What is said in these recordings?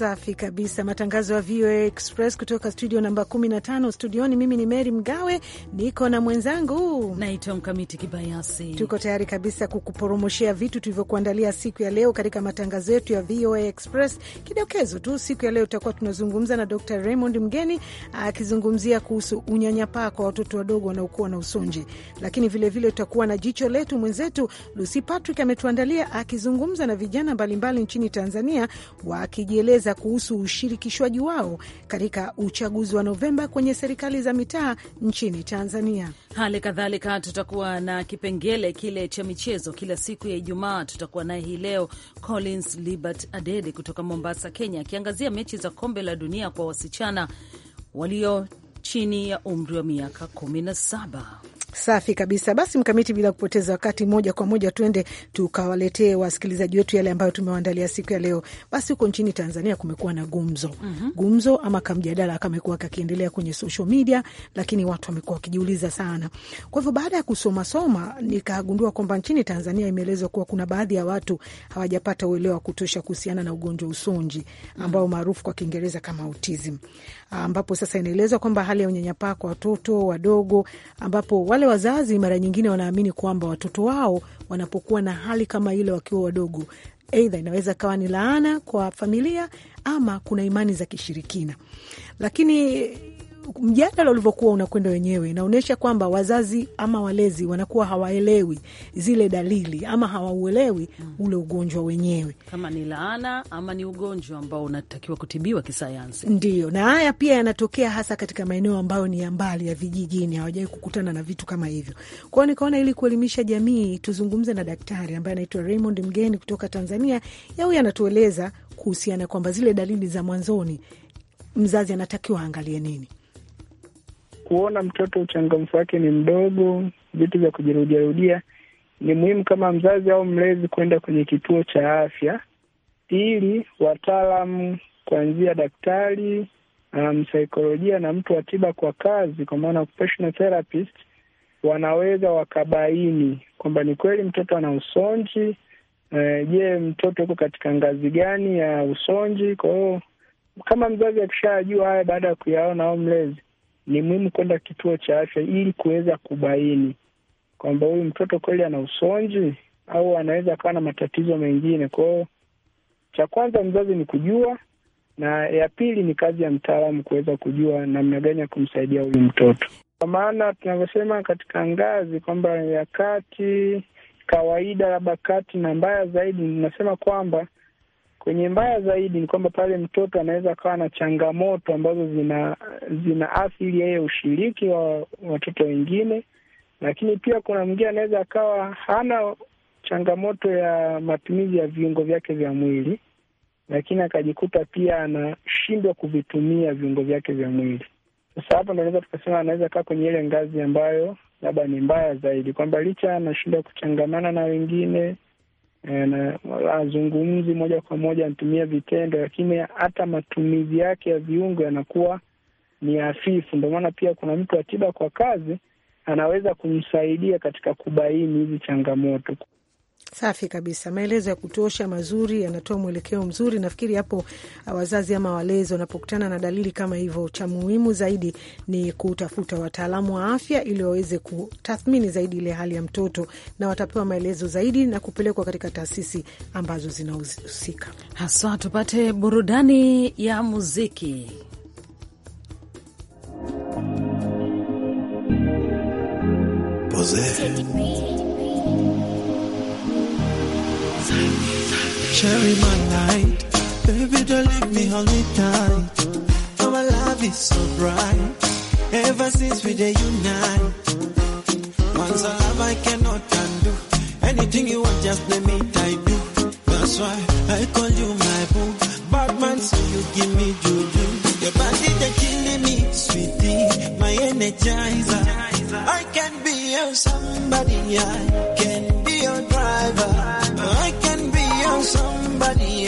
Safi kabisa, matangazo ya VOA Express kutoka studio namba 15. Studioni mimi ni Meri Mgawe, niko na mwenzangu naitwa Mkamiti Kibayasi. Tuko tayari kabisa kukuporomoshea vitu tulivyokuandalia siku ya leo katika matangazo yetu ya VOA Express. Kidokezo tu, siku ya leo tutakuwa tunazungumza na Dr Raymond Mgeni akizungumzia kuhusu unyanyapaa kwa watoto wadogo wanaokuwa na usonji, lakini vilevile tutakuwa na jicho letu. Mwenzetu Lucy Patrick ametuandalia akizungumza na vijana mbalimbali nchini Tanzania wakijieleza kuuliza kuhusu ushirikishwaji wao katika uchaguzi wa Novemba kwenye serikali za mitaa nchini Tanzania. Hali kadhalika tutakuwa na kipengele kile cha michezo kila siku ya Ijumaa. Tutakuwa naye hii leo Collins Libert Adede kutoka Mombasa, Kenya, akiangazia mechi za kombe la dunia kwa wasichana walio chini ya umri wa miaka 17. Safi kabisa. Basi Mkamiti, bila kupoteza wakati, moja kwa moja tuende tukawaletee wasikilizaji wetu yale ambayo tumewaandalia siku ya leo. Basi huko nchini Tanzania kumekuwa na gumzo mm -hmm. gumzo ama kamjadala kamekuwa kakiendelea kwenye social media, lakini watu wamekuwa wakijiuliza sana. Kwa hivyo baada ya kusomasoma, nikagundua kwamba nchini Tanzania imeelezwa kuwa kuna baadhi ya watu hawajapata uelewa wa kutosha kuhusiana na ugonjwa usonji mm. ambao maarufu kwa Kiingereza kama autism, ambapo sasa inaelezwa kwamba hali ya unyanyapaa kwa watoto wadogo ambapo wale wazazi mara nyingine wanaamini kwamba watoto wao wanapokuwa na hali kama ile wakiwa wadogo, aidha inaweza kawa ni laana kwa familia ama kuna imani za kishirikina, lakini mjadala ulivyokuwa unakwenda wenyewe, inaonyesha kwamba wazazi ama walezi wanakuwa hawaelewi zile dalili ama hawauelewi hmm. ule ugonjwa wenyewe, kama ni laana ama ni ugonjwa ambao unatakiwa kutibiwa kisayansi. Ndio, na haya pia yanatokea hasa katika maeneo ambayo ni ya mbali, ya vijijini, hawajawai kukutana na vitu kama hivyo. Kwao nikaona ili kuelimisha jamii, tuzungumze na daktari ambaye anaitwa Raymond Mgeni kutoka Tanzania. Yeye anatueleza kuhusiana kwamba zile dalili za mwanzoni mzazi anatakiwa aangalie nini kuona mtoto uchangamfu wake ni mdogo, vitu vya kujirudiarudia, ni muhimu kama mzazi au mlezi kwenda kwenye kituo cha afya ili wataalam kuanzia daktari, msaikolojia um, na mtu wa tiba kwa kazi, kwa maana occupational therapist, wanaweza wakabaini kwamba ni kweli mtoto ana usonji. Eh, je, uh, mtoto uko katika ngazi gani ya usonji? Kwa hiyo kama mzazi akishajua haya baada ya kuyaona au mlezi ni muhimu kwenda kituo cha afya ili kuweza kubaini kwamba huyu mtoto kweli ana usonji au anaweza akawa na matatizo mengine. Kwao cha kwanza mzazi ni kujua, na ya pili ni kazi ya mtaalamu kuweza kujua namna gani ya kumsaidia huyu mtoto, kwa maana tunavyosema katika ngazi kwamba ya kati, kawaida, labda kati na mbaya zaidi, inasema kwamba Kwenye mbaya zaidi ni kwamba pale mtoto anaweza akawa na changamoto ambazo zina zina athiri yeye ushiriki wa watoto wengine, lakini pia kuna mwingine anaweza akawa hana changamoto ya matumizi ya viungo vyake vya mwili, lakini akajikuta pia anashindwa kuvitumia viungo vyake vya mwili. Sasa hapo ndo naweza tukasema anaweza kaa kwenye ile ngazi ambayo labda ni mbaya zaidi, kwamba licha anashindwa kuchangamana na wengine Uh, azungumzi moja kwa moja, anatumia vitendo, lakini hata matumizi yake ya viungo yanakuwa ni hafifu. Ndio maana pia kuna mtu wa tiba kwa kazi anaweza kumsaidia katika kubaini hizi changamoto. Safi kabisa, maelezo ya kutosha mazuri, yanatoa mwelekeo mzuri. Nafikiri hapo uh, wazazi ama walezi wanapokutana na dalili kama hivyo, cha muhimu zaidi ni kutafuta wataalamu wa afya ili waweze kutathmini zaidi ile hali ya mtoto, na watapewa maelezo zaidi na kupelekwa katika taasisi ambazo zinahusika haswa. Tupate burudani ya muziki. Pose. Cherry my light, baby don't leave me hold me tight. Our oh, love is so bright, ever since we dey unite. Once I love I cannot undo, anything you want just let me type you. That's why I call you my boo, bad man so you give me juju. Your body they killing me, sweetie, my energizer. I can be your somebody, I can be your driver somebody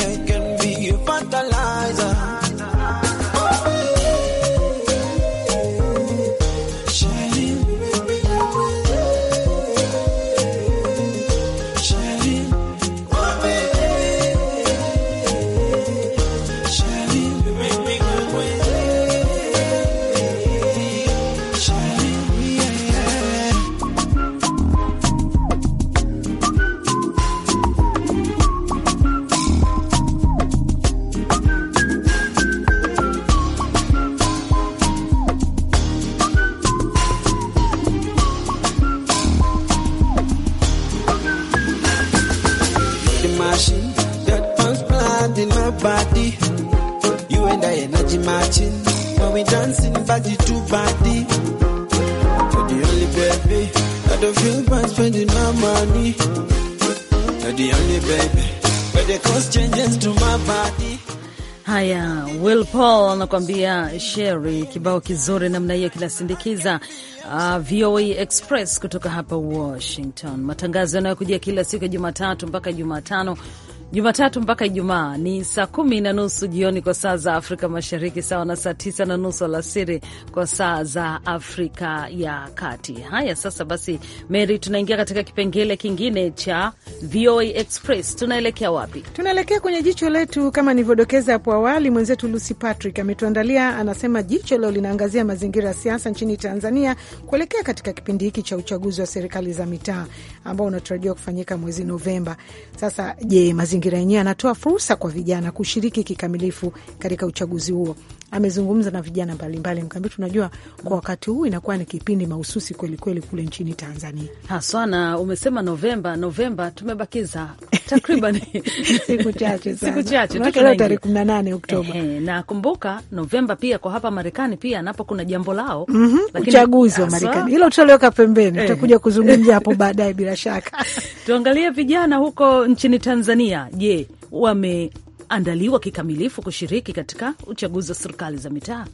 matching. When we dancing body to body. You're the only baby. I don't feel bad spending my money. You're the only baby. But the cost changes to my body. Haya, Will Paul anakuambia Sheri, kibao kizuri namna hiyo kinasindikiza uh, ah, VOA Express kutoka hapa Washington. Matangazo yanayokujia kila siku ya Jumatatu mpaka Jumatano Jumatatu mpaka Ijumaa ni saa kumi na nusu jioni kwa saa za Afrika Mashariki, sawa na saa tisa na nusu alasiri kwa saa za Afrika ya Kati. Haya sasa basi, Mary, tunaingia katika kipengele kingine cha VOA Express. Tunaelekea wapi? Tunaelekea kwenye jicho letu. Kama nilivyodokeza hapo awali, mwenzetu Lucy Patrick ametuandalia, anasema jicho leo linaangazia mazingira ya siasa nchini Tanzania kuelekea katika kipindi hiki cha uchaguzi wa serikali za mitaa ambao unatarajiwa kufanyika mwezi Novemba. Sasa je, mazingira mazingira yenyewe yanatoa fursa kwa vijana kushiriki kikamilifu katika uchaguzi huo amezungumza na vijana mbalimbali, mkaambia tunajua kwa wakati huu inakuwa ni kipindi mahususi kwelikweli kule nchini Tanzania haswa, na umesema Novemba. Novemba tumebakiza takriban siku chache siku chache leo tarehe kumi na nane Oktoba na kumbuka, Novemba pia kwa hapa Marekani pia napo kuna jambo lao mm -hmm, lakini uchaguzi wa Marekani, hilo tutaliweka pembeni, eh. tutakuja kuzungumza hapo baadaye bila shaka. Tuangalie vijana huko nchini Tanzania, je, wame andaliwa kikamilifu kushiriki katika uchaguzi wa serikali za mitaa?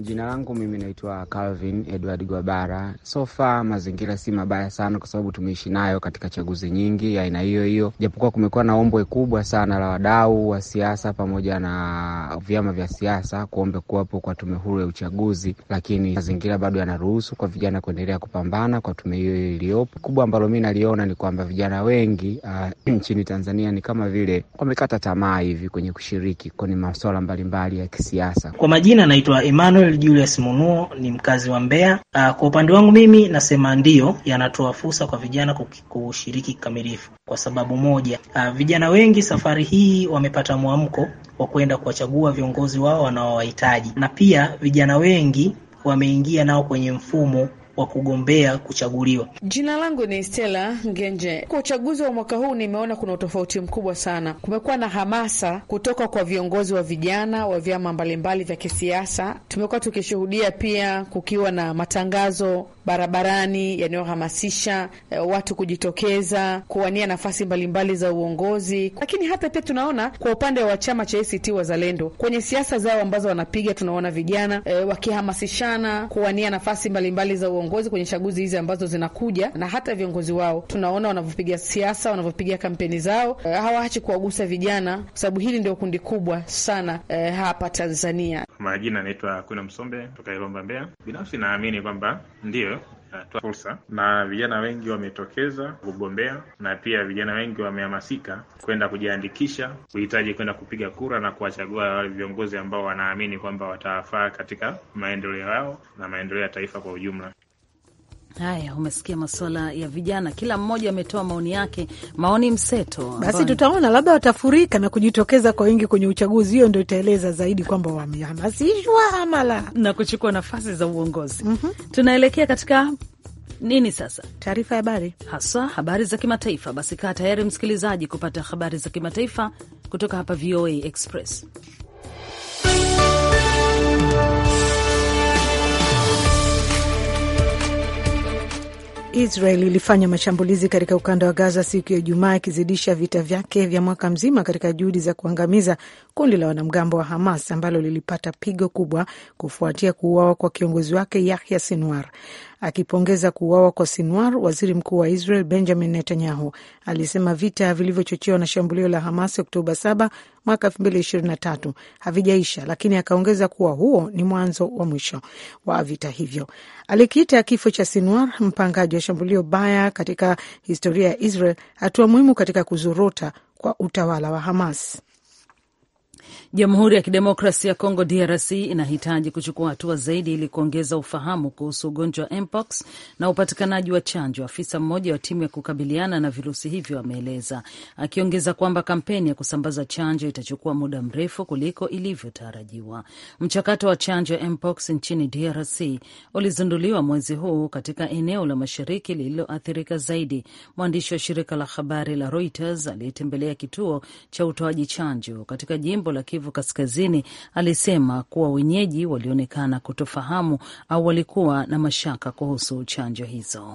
Jina langu mimi naitwa Calvin Edward Gwabara. So far mazingira si mabaya sana, kwa sababu tumeishi nayo katika chaguzi nyingi aina hiyo hiyo, japokuwa kumekuwa na ombwe kubwa sana la wadau wa siasa pamoja na vyama vya siasa kuombe kuwapo kwa tume huru ya uchaguzi, lakini mazingira bado yanaruhusu kwa vijana kuendelea kupambana kwa tume hiyo hiyo iliyopo. Kubwa ambalo mi naliona ni kwamba vijana wengi uh, nchini Tanzania ni kama vile wamekata tamaa hivi kwenye kushiriki kwenye maswala mbalimbali ya kisiasa. Kwa majina naitwa Emmanuel Emmanuel Julius Munuo ni mkazi wa Mbeya. Uh, kwa upande wangu mimi nasema ndiyo, yanatoa fursa kwa vijana kushiriki kikamilifu kwa sababu moja, uh, vijana wengi safari hii wamepata mwamko wa kwenda kuwachagua viongozi wao wanaowahitaji, na pia vijana wengi wameingia nao kwenye mfumo wa kugombea kuchaguliwa. Jina langu ni Stella Ngenje. Kwa uchaguzi wa mwaka huu nimeona kuna utofauti mkubwa sana. Kumekuwa na hamasa kutoka kwa viongozi wa vijana wa vyama mbalimbali vya kisiasa. Tumekuwa tukishuhudia pia kukiwa na matangazo barabarani yanayohamasisha eh, watu kujitokeza kuwania nafasi mbalimbali za uongozi, lakini hata pia tunaona kwa upande wa chama cha ACT Wazalendo kwenye siasa zao ambazo wanapiga, tunaona vijana eh, wakihamasishana kuwania nafasi mbalimbali za uongozi viongozi kwenye chaguzi hizi ambazo zinakuja, na hata viongozi wao tunaona wanavyopiga siasa, wanavyopiga kampeni zao, eh, hawaachi kuwagusa vijana, kwa sababu hili ndio kundi kubwa sana eh, hapa Tanzania. Majina anaitwa Kuna Msombe toka Ilomba, Mbeya. Binafsi naamini kwamba ndiyo natoa fursa na vijana wengi wametokeza kugombea na pia vijana wengi wamehamasika kwenda kujiandikisha, kuhitaji kwenda kupiga kura na kuwachagua wale viongozi ambao wanaamini kwamba watawafaa katika maendeleo yao na maendeleo ya taifa kwa ujumla. Haya, umesikia masuala ya vijana, kila mmoja ametoa maoni yake, maoni mseto. Basi tutaona labda watafurika na kujitokeza kwa wingi kwenye uchaguzi. Hiyo ndo itaeleza zaidi kwamba wamehamasishwa ama la, na kuchukua nafasi za uongozi. mm -hmm. Tunaelekea katika nini sasa? Taarifa ya habari, haswa habari za kimataifa. Basi kaa tayari msikilizaji kupata habari za kimataifa kutoka hapa VOA Express. Israel ilifanya mashambulizi katika ukanda wa Gaza siku ya Ijumaa, ikizidisha vita vyake vya mwaka mzima katika juhudi za kuangamiza kundi la wanamgambo wa Hamas ambalo lilipata pigo kubwa kufuatia kuuawa kwa kiongozi wake Yahya Sinwar. Akipongeza kuuawa kwa Sinwar, waziri mkuu wa Israel Benjamin Netanyahu alisema vita vilivyochochewa na shambulio la Hamas Oktoba 7 mwaka 2023 havijaisha, lakini akaongeza kuwa huo ni mwanzo wa mwisho wa vita hivyo. Alikiita kifo cha Sinwar, mpangaji wa shambulio baya katika historia ya Israel, hatua muhimu katika kuzorota kwa utawala wa Hamas. Jamhuri ya Kidemokrasi ya Kongo DRC inahitaji kuchukua hatua zaidi ili kuongeza ufahamu kuhusu ugonjwa wa mpox na upatikanaji wa chanjo, afisa mmoja wa timu ya kukabiliana na virusi hivyo ameeleza, akiongeza kwamba kampeni ya kusambaza chanjo itachukua muda mrefu kuliko ilivyotarajiwa. Mchakato wa chanjo ya mpox nchini DRC ulizinduliwa mwezi huu katika eneo la mashariki lililoathirika zaidi. Mwandishi wa shirika la habari la Reuters aliyetembelea kituo cha utoaji chanjo katika jimbo la Kivu Kaskazini alisema kuwa wenyeji walionekana kutofahamu au walikuwa na mashaka kuhusu chanjo hizo.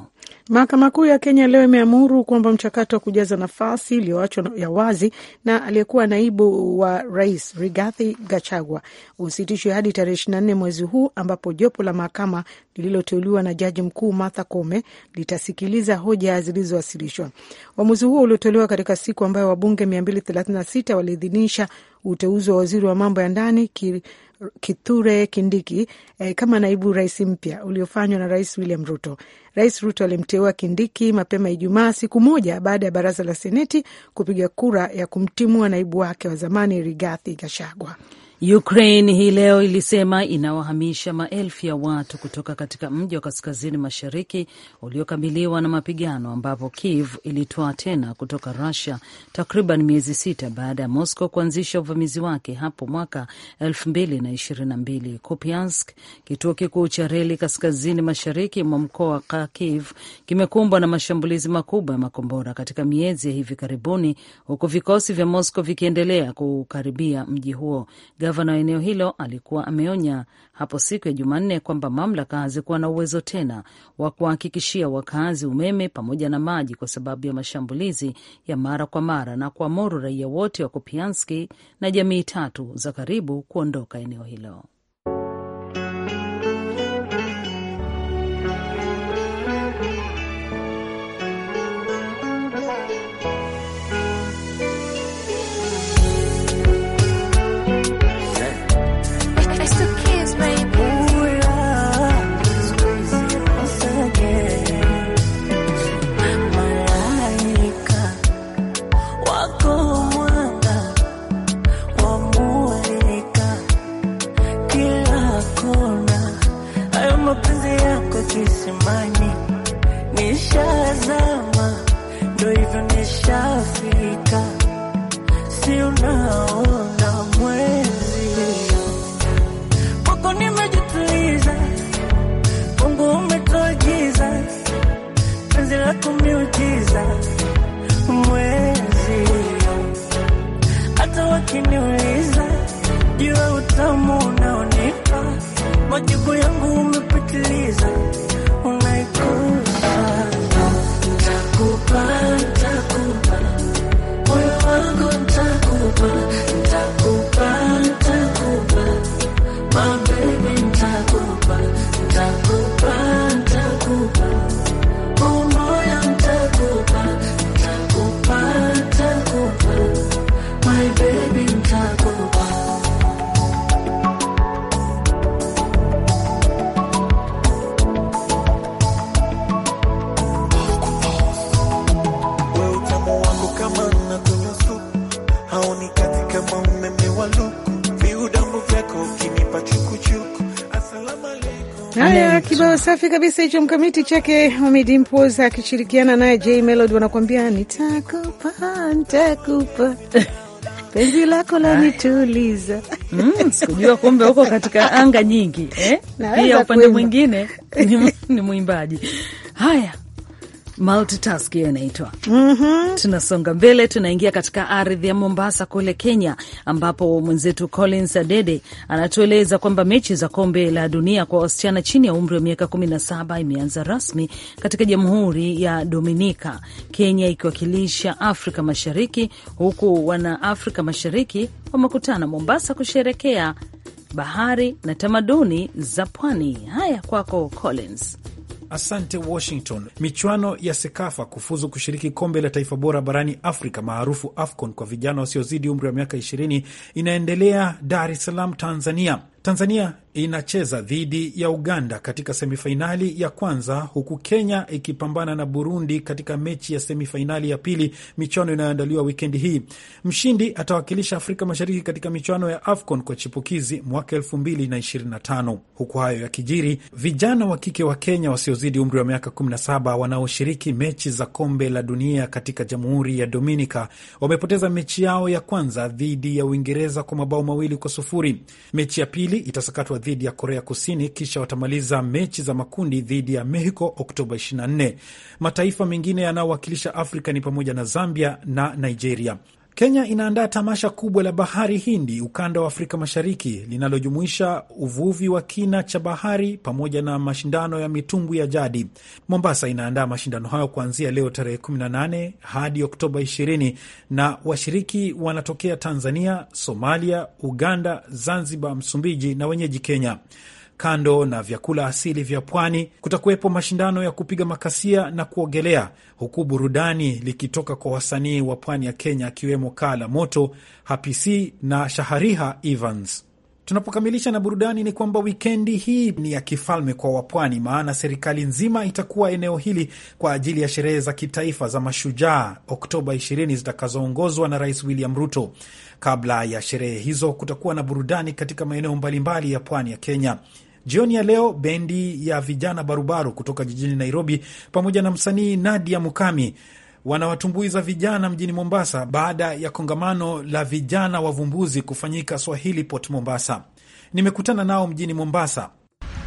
Mahakama Kuu ya Kenya leo imeamuru kwamba mchakato wa kujaza nafasi iliyoachwa ya wazi na aliyekuwa naibu wa rais Rigathi Gachagua usitishwe hadi tarehe ishirini na nne mwezi huu ambapo jopo la mahakama lililoteuliwa na jaji mkuu Martha Koome litasikiliza hoja zilizowasilishwa. Uamuzi huo uliotolewa katika siku ambayo wabunge 236 waliidhinisha uteuzi wa waziri wa mambo ya ndani Kithure Kindiki eh, kama naibu rais mpya uliofanywa na Rais William Ruto. Rais Ruto alimteua Kindiki mapema Ijumaa, siku moja baada ya baraza la Seneti kupiga kura ya kumtimua naibu wake wa zamani Rigathi Gachagua. Ukraine hii leo ilisema inawahamisha maelfu ya watu kutoka katika mji wa kaskazini mashariki uliokabiliwa na mapigano ambapo Kiev ilitoa tena kutoka Russia takriban miezi sita baada ya Moscow kuanzisha uvamizi wake hapo mwaka 2022. Kupiansk, kituo kikuu cha reli kaskazini mashariki mwa mkoa wa Kharkiv, kimekumbwa na mashambulizi makubwa ya makombora katika miezi ya hivi karibuni, huku vikosi vya Moscow vikiendelea kukaribia mji huo. Gavana wa eneo hilo alikuwa ameonya hapo siku ya Jumanne kwamba mamlaka hazikuwa na uwezo tena wa kuwahakikishia wakazi umeme pamoja na maji kwa sababu ya mashambulizi ya mara kwa mara, na kuamuru raia wote wa Kupianski na jamii tatu za karibu kuondoka eneo hilo. kisimani, nishazama, ndo hivyo nishafika, si unao Haya, kibao safi kabisa hicho, mkamiti chake Ommy Dimpoz akishirikiana naye J Melody, wanakuambia nitakupa nitakupa penzi lako la ah. nituliza. Mm, sikujua kumbe huko katika anga nyingi eh? Pia upande mwingine ni, ni mwimbaji. Haya multitask hiyo inaitwa. mm -hmm. Tunasonga mbele, tunaingia katika ardhi ya Mombasa kule Kenya, ambapo mwenzetu Collins Adede anatueleza kwamba mechi za kombe la dunia kwa wasichana chini ya umri wa miaka 17 imeanza rasmi katika Jamhuri ya Dominika, Kenya ikiwakilisha Afrika Mashariki, huku wana Afrika Mashariki wamekutana Mombasa kusherekea bahari na tamaduni za pwani. Haya, kwako Collins. Asante Washington. Michuano ya SEKAFA kufuzu kushiriki kombe la taifa bora barani Afrika maarufu AFCON kwa vijana wasiozidi umri wa miaka 20 inaendelea Dar es Salaam, Tanzania. Tanzania inacheza dhidi ya Uganda katika semifainali ya kwanza, huku Kenya ikipambana na Burundi katika mechi ya semifainali ya pili, michuano inayoandaliwa wikendi hii. Mshindi atawakilisha Afrika Mashariki katika michuano ya AFCON kwa chipukizi mwaka tano. Huku hayo yakijiri, vijana wa kike wa Kenya wasiozidi umri wa miaka 17 wanaoshiriki mechi za kombe la dunia katika Jamhuri ya Dominica wamepoteza mechi yao ya kwanza dhidi ya Uingereza kwa mabao mawili kwa sufuri. Mechi ya pili itasakatwa dhidi ya Korea Kusini, kisha watamaliza mechi za makundi dhidi ya Mexico Oktoba 24. Mataifa mengine yanayowakilisha Afrika ni pamoja na Zambia na Nigeria. Kenya inaandaa tamasha kubwa la bahari Hindi ukanda wa Afrika Mashariki linalojumuisha uvuvi wa kina cha bahari pamoja na mashindano ya mitumbwi ya jadi. Mombasa inaandaa mashindano hayo kuanzia leo tarehe 18 hadi Oktoba 20 na washiriki wanatokea Tanzania, Somalia, Uganda, Zanzibar, Msumbiji na wenyeji Kenya. Kando na vyakula asili vya pwani, kutakuwepo mashindano ya kupiga makasia na kuogelea, huku burudani likitoka kwa wasanii wa pwani ya Kenya akiwemo kaa la Moto, Hapisi na Shahariha Evans. Tunapokamilisha na burudani ni kwamba wikendi hii ni ya kifalme kwa wapwani, maana serikali nzima itakuwa eneo hili kwa ajili ya sherehe za kitaifa za mashujaa Oktoba 20 zitakazoongozwa na Rais William Ruto. Kabla ya sherehe hizo, kutakuwa na burudani katika maeneo mbalimbali ya pwani ya Kenya. Jioni ya leo bendi ya vijana barubaru kutoka jijini Nairobi pamoja na msanii Nadia Mukami wanawatumbuiza vijana mjini Mombasa baada ya kongamano la vijana wavumbuzi kufanyika Swahili Port Mombasa. Nimekutana nao mjini Mombasa.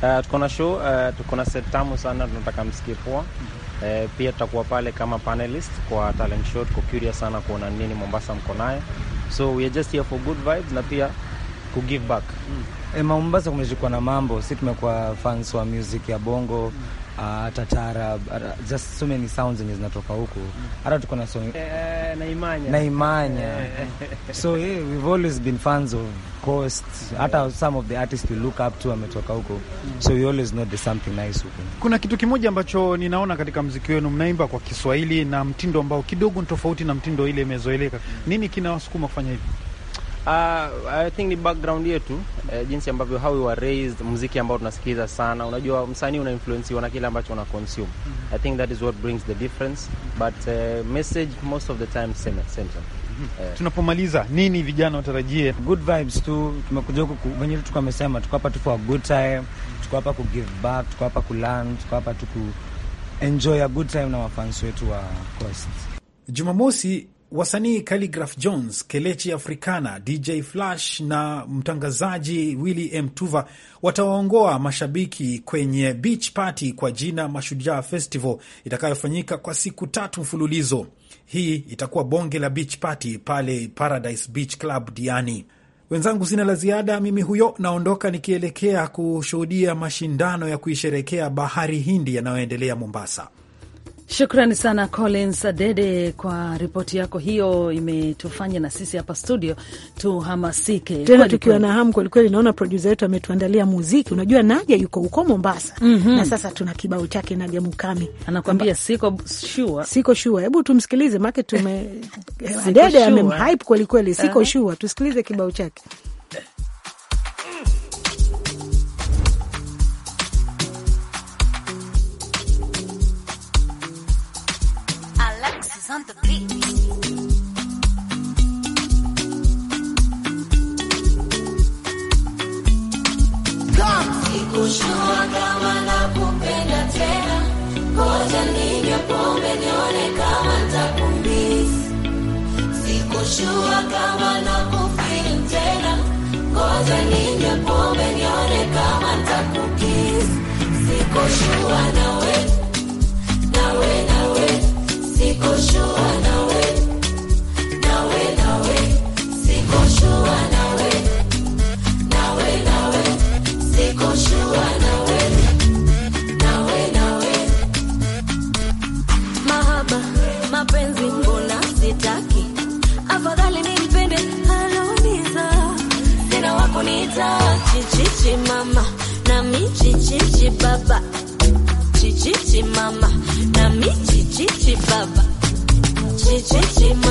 Uh, tuko na show uh, tuko na set tamu sana, tunataka msikie poa. Uh, pia tutakuwa pale kama panelist kwa talent show. Tuko curious sana kuona nini Mombasa mko naye, so we are just here for good vibes na pia ku give back mm. E, Mombasa kumeshikwa na mambo, si tumekuwa fans wa music ya bongo mm. hata ah, uh, tara ah, just so many sounds zenye zinatoka huku mm. hata tuko na song na eh, imanya eh, Naimanya, Naimanya. so yeah, we've always been fans of Coast hata yeah. some of the artists we look up to ametoka huko mm. so we always know there's something nice huko. Kuna kitu kimoja ambacho ninaona katika mziki wenu, mnaimba kwa Kiswahili na mtindo ambao kidogo ni tofauti na mtindo ile imezoeleka. mm. Nini kinawasukuma kufanya hivi? Uh, I think ni background yetu uh, jinsi ambavyo how we were raised, muziki ambao tunasikiliza sana. Unajua msanii una influence na kile ambacho una consume. Mm -hmm. I think that is what brings the difference mhm. but uh, message most of the time same same. time. -hmm. Uh, eh. tunapomaliza nini vijana watarajie? Good vibes tu, tumekuja huku wenyewe tu tumesema, tuko hapa tu for a good time, tuko hapa ku give back, tuko hapa ku learn, tuko hapa tu ku enjoy a good time na wafans wetu wa Coast. Jumamosi Wasanii Khaligraph Jones, Kelechi Africana, DJ Flash na mtangazaji M Mtuva watawaongoa mashabiki kwenye beach party kwa jina Mashujaa Festival itakayofanyika kwa siku tatu mfululizo. Hii itakuwa bonge la beach party pale Paradise Beach Club Diani. Wenzangu, sina la ziada. Mimi huyo naondoka nikielekea kushuhudia mashindano ya kuisherekea bahari Hindi yanayoendelea Mombasa. Shukrani sana Collins Adede kwa ripoti yako hiyo, imetufanya na sisi hapa studio tuhamasike tena, tukiwa na hamu kwelikweli. Naona produsa wetu ametuandalia muziki. Unajua Naja yuko huko Mombasa mm -hmm. na sasa tuna kibao chake Naja Mukami anakwambia siko shua, siko shua. Hebu tumsikilize make tume Adede amemhype kwelikweli, siko shua. Tusikilize kibao chake. Joshua kama nakufeel tena, ngoja ninywe pombe nione kama ntakukiss. Siko shua nawe nawe nawe, siko shua nawe nawe nawe, siko shua nawe nawe nawe, siko shua nawe nawe nawe, mahaba mapenzi wanaita chichichi mama nami chichichi baba chichichi mama nami chichichi baba chichichi mama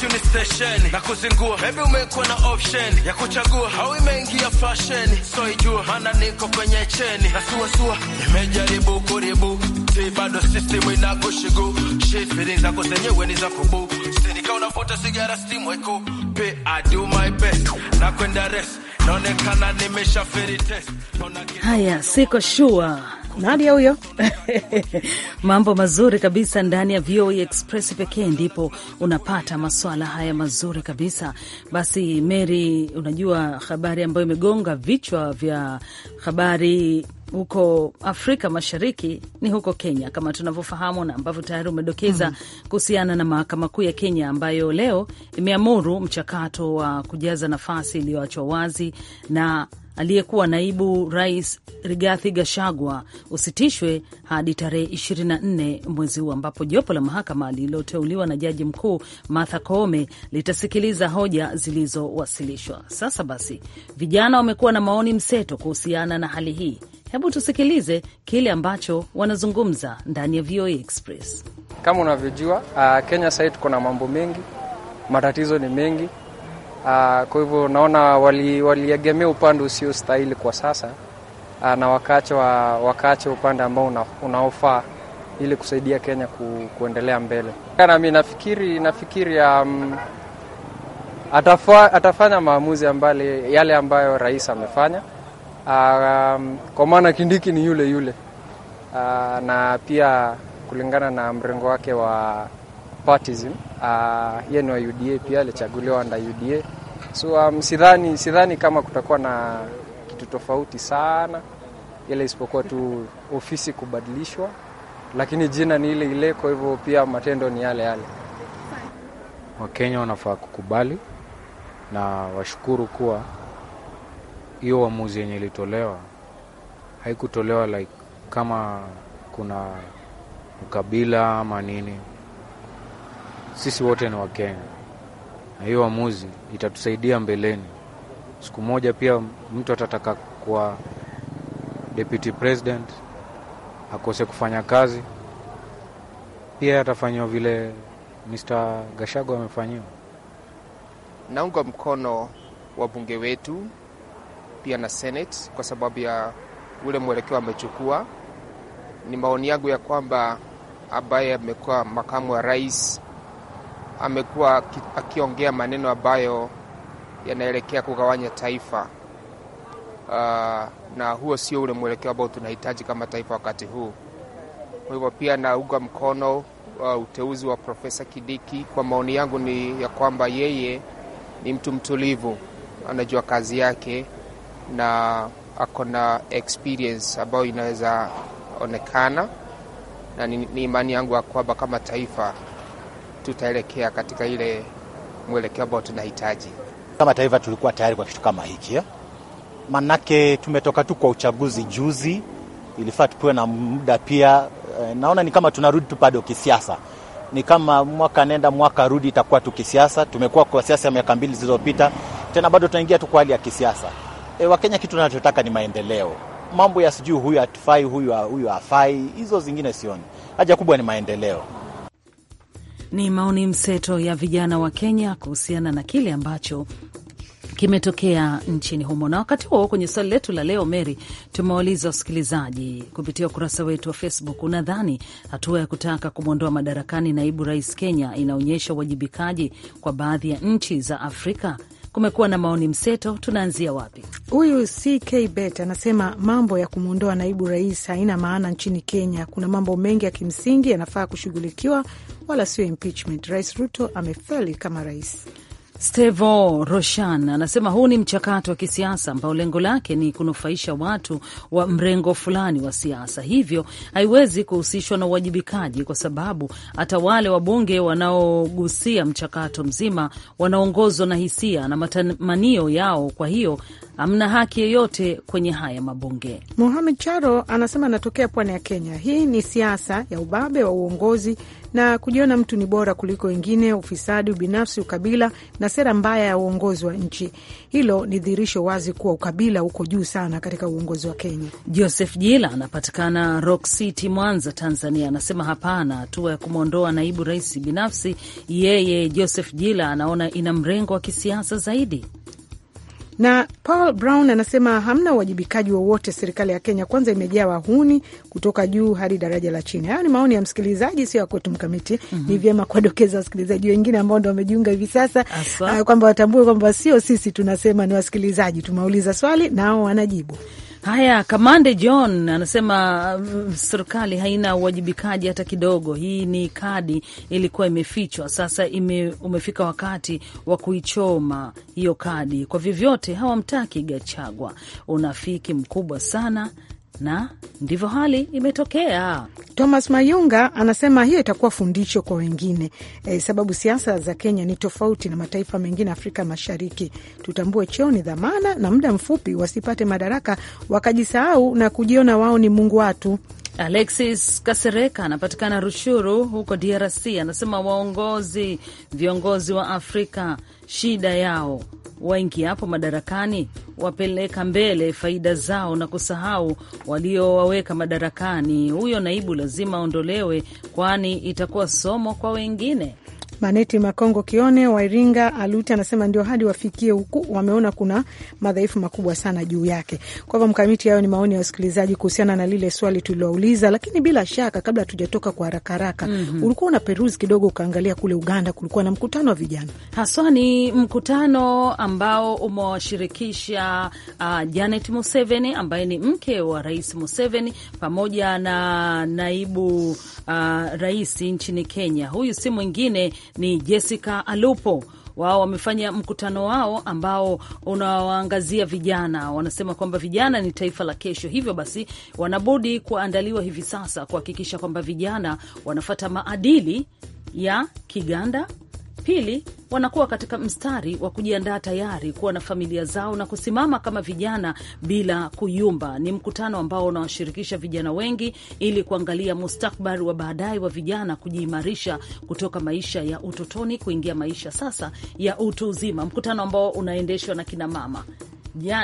tune station na kuzingua, maybe umekuwa na option ya kuchagua au imeingia fashion, so ijua maana niko kwenye cheni na suasua, nimejaribu kuribu si bado system inakushigu shit shifiri zako zenyewe ni za kubu sinika unavuta sigara steam weko pe I do my best na kwenda rest naonekana nimeshaferi test. Haya, siko sure Nadia huyo mambo mazuri kabisa ndani ya VOA Express pekee ndipo unapata maswala haya mazuri kabisa. Basi Mary, unajua habari ambayo imegonga vichwa vya habari huko Afrika Mashariki ni huko Kenya kama tunavyofahamu na ambavyo tayari umedokeza mm-hmm. kuhusiana na mahakama kuu ya Kenya ambayo leo imeamuru mchakato wa kujaza nafasi iliyoachwa wazi na aliyekuwa naibu rais Rigathi Gashagwa usitishwe hadi tarehe 24 mwezi huu ambapo jopo la mahakama lililoteuliwa na jaji mkuu Martha Koome litasikiliza hoja zilizowasilishwa. Sasa basi, vijana wamekuwa na maoni mseto kuhusiana na hali hii. Hebu tusikilize kile ambacho wanazungumza ndani ya VOA e Express. Kama unavyojua, ah, Kenya sahii tuko na mambo mengi, matatizo ni mengi Uh, kwa hivyo naona waliegemea wali upande usio stahili kwa sasa uh, na wakache wa, wakache upande ambao una, unaofaa ili kusaidia Kenya ku, kuendelea mbele. Nami nafikiri, nafikiri um, atafa, atafanya maamuzi ambale, yale ambayo rais amefanya uh, um, kwa maana Kindiki ni yule yule uh, na pia kulingana na mrengo wake wa partism. Uh, yeye ni wa UDA pia alichaguliwa under UDA, so um, sidhani sidhani kama kutakuwa na kitu tofauti sana, ile isipokuwa tu ofisi kubadilishwa, lakini jina ni ile ile, kwa hivyo pia matendo ni yale yale. Wakenya wanafaa kukubali na washukuru kuwa hiyo uamuzi yenye ilitolewa haikutolewa like kama kuna ukabila ama nini. Sisi wote ni Wakenya na hiyo uamuzi itatusaidia mbeleni. Siku moja pia mtu atataka kuwa deputy president akose kufanya kazi, pia atafanyiwa vile Mr. Gashago amefanyiwa. Naunga mkono wa bunge wetu pia na Senate kwa sababu ya ule mwelekeo amechukua. Ni maoni yangu ya kwamba ambaye amekuwa makamu wa rais amekuwa akiongea maneno ambayo yanaelekea kugawanya taifa. Uh, na huo sio ule mwelekeo ambao tunahitaji kama taifa wakati huu. Kwa hivyo pia naunga mkono uh, uteuzi wa Profesa Kidiki. Kwa maoni yangu ni ya kwamba yeye ni mtu mtulivu, anajua kazi yake na ako na experience ambayo inaweza onekana, na ni imani yangu ya kwamba kama taifa tutaelekea katika ile mwelekeo ambao tunahitaji. Kama taifa tulikuwa tayari kwa kitu kama hiki eh? Manake tumetoka tu kwa uchaguzi juzi, ilifaa tupewe na muda pia. Eh, naona ni kama tunarudi tu bado kisiasa, ni kama mwaka nenda mwaka rudi, itakuwa tu kisiasa. Tumekuwa kwa siasa ya miaka mbili zilizopita, tena bado tunaingia tu kwa hali ya kisiasa. E, Wakenya kitu tunachotaka ni maendeleo. Mambo ya sijui huyu atufai, huyu afai, hizo zingine sioni. Haja kubwa ni maendeleo. Ni maoni mseto ya vijana wa Kenya kuhusiana na kile ambacho kimetokea nchini humo. Na wakati huo kwenye swali letu la leo, Mary, tumewauliza wasikilizaji kupitia ukurasa wetu wa Facebook, unadhani hatua ya kutaka kumwondoa madarakani naibu rais Kenya inaonyesha uwajibikaji kwa baadhi ya nchi za Afrika? Kumekuwa na maoni mseto, tunaanzia wapi? Huyu CK Bet anasema mambo ya kumwondoa naibu rais haina maana nchini Kenya. Kuna mambo mengi ya kimsingi yanafaa kushughulikiwa wala sio impeachment. Rais Ruto amefeli kama rais. Stevo Roshan anasema huu ni mchakato wa kisiasa ambao lengo lake ni kunufaisha watu wa mrengo fulani wa siasa, hivyo haiwezi kuhusishwa na uwajibikaji, kwa sababu hata wale wabunge wanaogusia mchakato mzima wanaongozwa na hisia na matamanio yao. Kwa hiyo hamna haki yeyote kwenye haya mabunge. muhamed Charo anasema anatokea pwani ya Kenya. Hii ni siasa ya ubabe wa uongozi na kujiona mtu ni bora kuliko wengine, ufisadi, ubinafsi, ukabila na sera mbaya ya uongozi wa nchi. Hilo ni dhihirisho wazi kuwa ukabila uko juu sana katika uongozi wa Kenya. Joseph Jila anapatikana Rock City, Mwanza, Tanzania, anasema hapana, hatua ya kumwondoa naibu rais binafsi, yeye Joseph Jila anaona ina mrengo wa kisiasa zaidi. Na Paul Brown anasema hamna uwajibikaji wowote serikali ya Kenya, kwanza imejaa wahuni kutoka juu hadi daraja la chini. Hayo ni maoni ya msikilizaji, sio ya kwetu Mkamiti. mm -hmm. Ni vyema kuwadokeza wasikilizaji wengine ambao ndo wamejiunga hivi sasa uh, kwamba watambue kwamba sio sisi tunasema, ni wasikilizaji tumeuliza swali nao wanajibu. Haya, Kamande John anasema mm, serikali haina uwajibikaji hata kidogo. Hii ni kadi ilikuwa imefichwa, sasa ime, umefika wakati wa kuichoma hiyo kadi. Kwa vyovyote hawamtaki Gachagua. Unafiki mkubwa sana na ndivyo hali imetokea. Thomas Mayunga anasema hiyo itakuwa fundisho kwa wengine e, sababu siasa za Kenya ni tofauti na mataifa mengine Afrika Mashariki. Tutambue cheo ni dhamana, na muda mfupi wasipate madaraka wakajisahau na kujiona wao ni mungu watu. Alexis Kasereka anapatikana Rushuru huko DRC, anasema waongozi, viongozi wa Afrika shida yao. Waingia hapo madarakani wapeleka mbele faida zao na kusahau waliowaweka madarakani. Huyo naibu lazima aondolewe, kwani itakuwa somo kwa wengine. Maneti Makongo Kione wa Iringa Aluti anasema ndio hadi wafikie huku, wameona kuna madhaifu makubwa sana juu yake. Kwa hivyo mkamiti, hayo ni maoni ya wasikilizaji kuhusiana na lile swali tulilouliza, lakini bila shaka, kabla hatujatoka kwa haraka haraka, mm -hmm. ulikuwa una peruzi kidogo ukaangalia kule Uganda kulikuwa na mkutano wa vijana, haswa ni mkutano ambao umewashirikisha uh, Janet Museveni ambaye ni mke wa Rais Museveni pamoja na naibu uh, rais nchini Kenya. Huyu si mwingine ni Jessica Alupo. Wao wamefanya mkutano wao ambao unawaangazia vijana. Wanasema kwamba vijana ni taifa la kesho, hivyo basi wanabudi kuandaliwa hivi sasa kuhakikisha kwamba vijana wanafata maadili ya kiganda Pili, wanakuwa katika mstari wa kujiandaa tayari kuwa na familia zao na kusimama kama vijana bila kuyumba. Ni mkutano ambao unawashirikisha vijana wengi ili kuangalia mustakbali wa baadaye wa vijana, kujiimarisha kutoka maisha ya utotoni kuingia maisha sasa ya utu uzima, mkutano ambao unaendeshwa na kinamama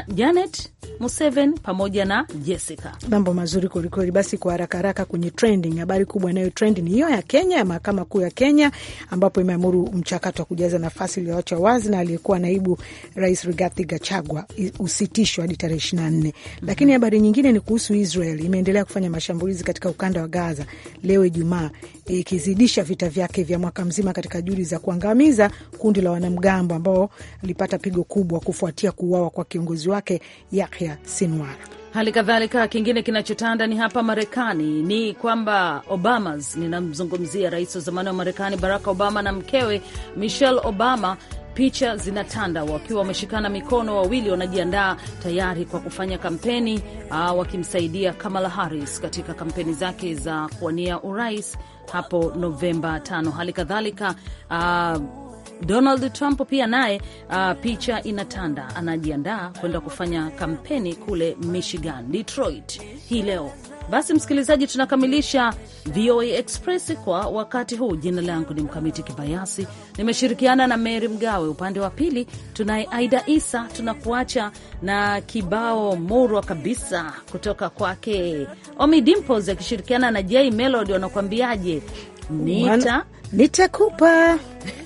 Janet Museveni pamoja na Jessica. Mambo mazuri kwelikweli. Basi kwa haraka haraka kwenye trending, habari kubwa inayo trend ni hiyo ya Kenya, ya mahakama kuu ya Kenya ambapo imeamuru mchakato wa kujaza nafasi iliyoachwa wazi na aliyekuwa naibu rais Rigathi Gachagua usitishwe hadi tarehe ishirini na nne. Lakini habari nyingine ni kuhusu Israel, imeendelea kufanya mashambulizi katika ukanda wa Gaza leo Ijumaa, ikizidisha e, vita vyake vya mwaka mzima katika juhudi za kuangamiza kundi la wanamgambo ambao lipata pigo kubwa kufuatia kuuawa kwa kiongozi wake Yahya Sinwar. Hali kadhalika kingine kinachotanda ni hapa Marekani ni kwamba Obamas, ninamzungumzia rais wa zamani wa Marekani Barack Obama na mkewe Michelle Obama. Picha zinatanda wakiwa wameshikana mikono, wawili wanajiandaa tayari kwa kufanya kampeni uh, wakimsaidia Kamala Harris katika kampeni zake za kuwania urais hapo Novemba tano. Hali kadhalika uh, Donald Trump pia naye uh, picha inatanda, anajiandaa kwenda kufanya kampeni kule Michigan, Detroit hii leo. Basi msikilizaji, tunakamilisha VOA Express kwa wakati huu. Jina langu ni Mkamiti Kibayasi, nimeshirikiana na Mary Mgawe, upande wa pili tunaye Aida Isa. Tunakuacha na kibao murwa kabisa kutoka kwake Omi Dimples akishirikiana na J Melody, wanakuambiaje? Nita nitakupa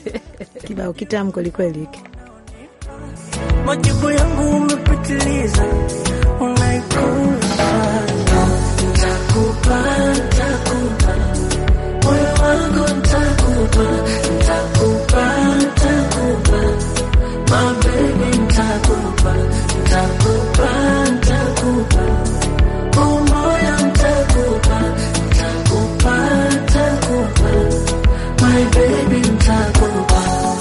kibao kitamu kwelikweli hiki. Majibu yangu umepitiliza, unaikuza ntakupa, ntakupa moyo wangu, mabebi, umoya, my baby, taco bar.